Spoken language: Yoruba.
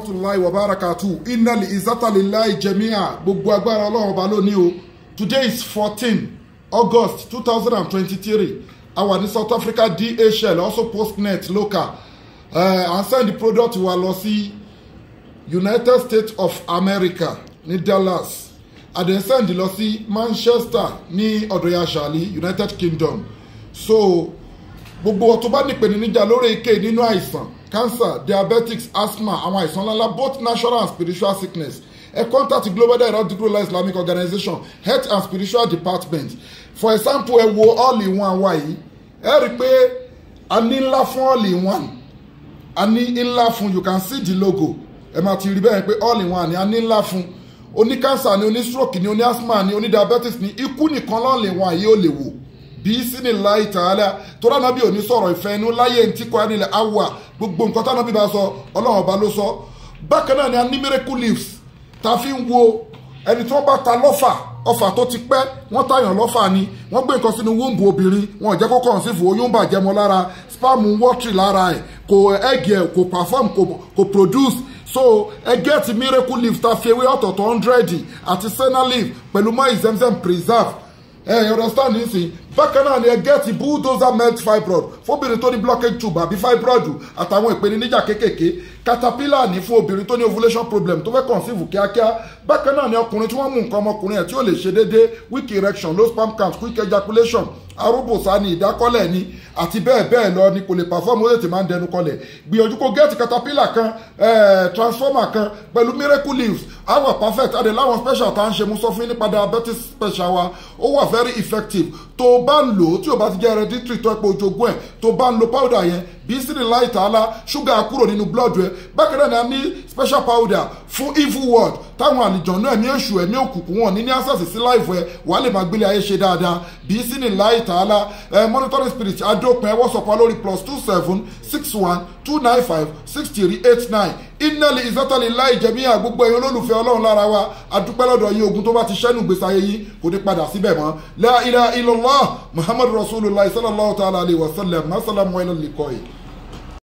rahmatulahi wa barakatu innal izata lillahi jami'a gbogbo agbára ọlọ́run ọba lónìí o today is fourteen august two thousand and twenty-three àwa ní south africa dhl also postnet local uh, and send the product wa lọ sí united states of america ní dallas àdé send lọ sí manchester ní ọ̀dọ̀yà sàlí united kingdom so gbogbo ọ̀tún bá nípè ní níjà lórí èké nínú àìsàn cancer diabetics asthma àwọn àìsàn ńláńlá both natural and spiritual sickness A contact global dahiratu dhikrlahi islamic organization health and spiritual department for example ẹ wo all in one wa ẹ rí i pé a ní ńlá fún all in one a ní ńlá fún you can see the logo ẹ máa ti rí bẹ́ẹ̀ pé all in one ni a ní ńlá fún oní cancer ni oní stroke ni oní asthma ni oní diabetes ni ikú nìkan lọ́ọ̀lì wọn àyè ò lè wò bisimilayi ta'ala torí ànábì ò ní sọ̀rọ̀ ìfẹ́ inú láyé ntí kọ́ ẹnilẹ̀ awa gbogbo nǹkan tí ànábì bá sọ ọlọ́run ọba ló sọ bákan ni a ní miracle leaves ta fi ń wo ẹni tí wọ́n bá ta lọ́fà ọfà tó ti pẹ́ wọ́n tàyàn lọ́fà ni wọ́n gbé nǹkan sínú wúńbù obìnrin wọn ò jẹ́ kó kàn sí fún oyún bàjẹ́ mọ́ lára spam wọ́tì lára ẹ̀ kò ẹ̀gì kò perform kò, kò produce so ẹ gẹ́ẹ̀tì miracle leaf ta fi ewé ọ̀tọ̀ọ̀tọ̀ hundred àti senna leaf pẹ̀lú mọ́ ìzẹ́mzẹ́m preserve ẹ ẹ understand ní sìn bákan náà ni ẹ gẹ́ẹ̀tì bulldozer melt fibroid fóbìnrin tó ní blockage tube àbí fibroid àtàwọn ìpèníjà kéékèèké caterpillar ní fún obìnrin tó ní ovulation problem tó fẹ́ conceive kíákíá bákan náà ni ọkùnrin tí wọ́n mú nǹkan ọmọkùnrin ẹ̀ tí ó lè ṣe déédéé weak erection low sperm count quick ejaculation arúgbòsá ni ìdákọ́lẹ̀ ni àti bẹ́ẹ̀ bẹ́ẹ̀ lọ ni kò lè pàfọ́ọ̀mù ó lè ti máa ń dẹnu kọlẹ̀ gbìyànjú kó gẹ́ẹ̀tì caterpillar kan eh, transformer kan pẹ̀lú miracle leaves awa perfect adé láwọn special tá à ń ṣe mú sọ fún yín nípa diabetes special wa ó wà very effective tó o bá ń lò ó tí o bá ti jẹ́ hereditary tó ẹ pé ẹ̀ tó o bá ń lo powder yẹn bí sílẹ̀ láì tààlà ṣúgà kúrò nínú blood rẹ bákan náà ni a ní special powder fún evil world táwọn àlìjọ̀nú ẹ̀mí èṣù ẹ̀mí òkùnkùn wọn ní ní access sí láìfọ ẹ wà á lè máa gbélé ayé ṣe dáadáa bíi sí ní láì tààlà monitoring spirit adópin ẹwọ́ sọ̀pá lórí plus two seven six one two nine five six three eight nine ìnàlẹ̀ ìsọ́tàlẹ̀ láì jẹ̀mí àgbógbó ẹ̀yin olólùfẹ́ ọlọ́run lára wa adúpẹ́ lọ́dọ̀ yín ogun tó bá ti ṣẹ́nu gbèsè ayé yín kò ní padà síbẹ̀ mọ́ la ilaha muhammadu rasulullah sallallahu ta'ala alayhi wa sallam masalamu alayhi